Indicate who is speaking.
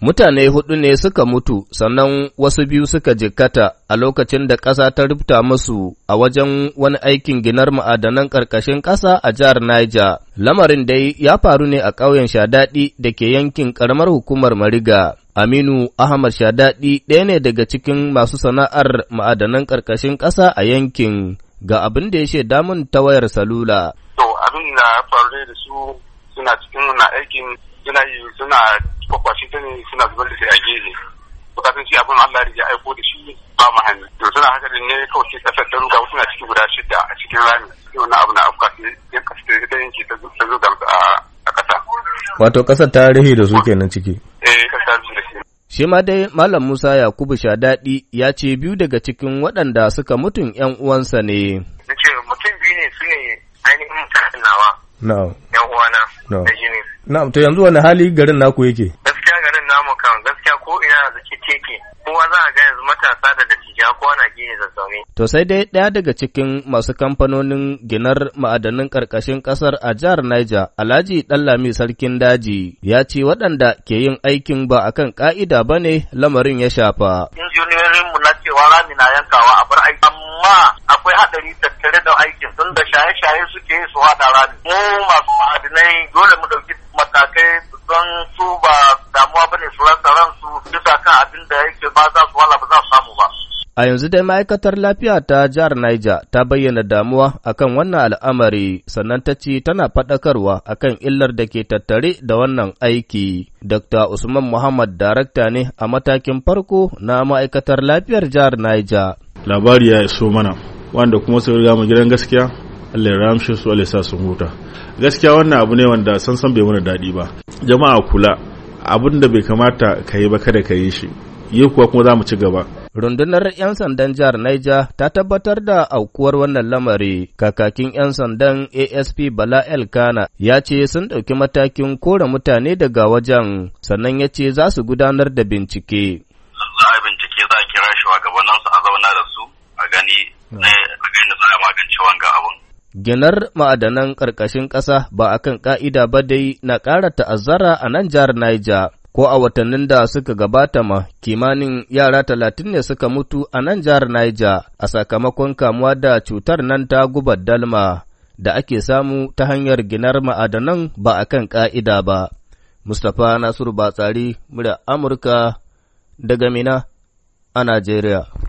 Speaker 1: Mutane hudu ne suka mutu sannan wasu biyu suka jikkata a lokacin da ƙasa ta rubuta musu a wajen wani aikin ginar ma'adanan ƙarƙashin ƙasa a jihar Niger. Lamarin dai ya faru ne a ƙauyen Shadaɗi da ke yankin ƙaramar hukumar Mariga. Aminu Ahmad Shadaɗi ɗaya ne daga cikin masu sana'ar ma'adanan ƙarƙashin ƙasa a yankin ga abin da ya shaida mun ta wayar salula. To abin da faru da su suna cikin wani aikin suna yi suna kwakwashi ta ne suna zubar da shi a gefe bukatun shi abin Allah ya aiko da shi ba mu hannu to suna haka da ne kawai shi kasar da ruga suna ciki guda shida a cikin rami sai wani abu na afka sai yan kasu ta yanke ta zuga a kasa wato kasar ta rihe da su kenan ciki eh, Shi ma dai Malam Musa Yakubu Shadaɗi ya ce biyu daga cikin waɗanda suka mutun ‘yan uwansa ne. ce mutum biyu ne su ne ainihin mutanen nawa. Yan uwana. Da Na'am to yanzu wani hali garin naku yake? Gaskiya garin namu kan gaskiya ko ina ke teke. Kowa za a ga yanzu matasa da dattija kowa na gini zaune. To sai dai ɗaya daga cikin masu kamfanonin ginar ma'adanin ƙarƙashin ƙasar a jihar Niger, Alhaji Ɗanlami Sarkin Daji, ya ce waɗanda ke yin aikin ba akan ƙa'ida ba ne lamarin ya shafa. mu na cewa rami na yankawa a bar aiki. Amma akwai haɗari tattare da aikin tun da shaye-shaye suke yi su haɗa rami. Mu masu su rasa ransu bisa kan abin da yake ba za su wala ba za su samu ba. A yanzu dai ma'aikatar lafiya ta jihar Niger ta bayyana damuwa akan wannan al'amari sannan ta ce tana faɗakarwa akan illar da ke tattare da wannan aiki. Dr. Usman Muhammad darakta ne a matakin farko na ma'aikatar lafiyar jihar Niger. Labari ya iso mana wanda kuma sai riga mu gidan gaskiya Allah ya ramshe su Allah ya sa sun huta. Gaskiya wannan abu ne wanda san san bai mana daɗi ba. Jama'a kula abin da bai kamata ka yi ba kada ka yi shi yi kuwa kuma za mu ci gaba rundunar 'yan sandan jihar Niger ta tabbatar da aukuwar wannan lamari kakakin 'yan sandan asp bala elkana ya ce sun ɗauki matakin kore mutane daga wajen sannan ya ce za su gudanar da bincike za a bincike za a kira shugabanninsu a zauna da Ginar ma'adanan ƙarƙashin ƙasa ba a kan ƙa'ida ba dai na ƙara ta'azzara a nan jihar Niger, ko a watannin da suka gabata ma kimanin yara talatin ne suka mutu a nan jihar Niger a sakamakon kamuwa da cutar nan ta gubar dalma da ake samu ta hanyar ginar ma'adanan ba a kan ƙa'ida ba. Mustapha Nasiru Batsari, mura Amurka daga Mina a Najeriya.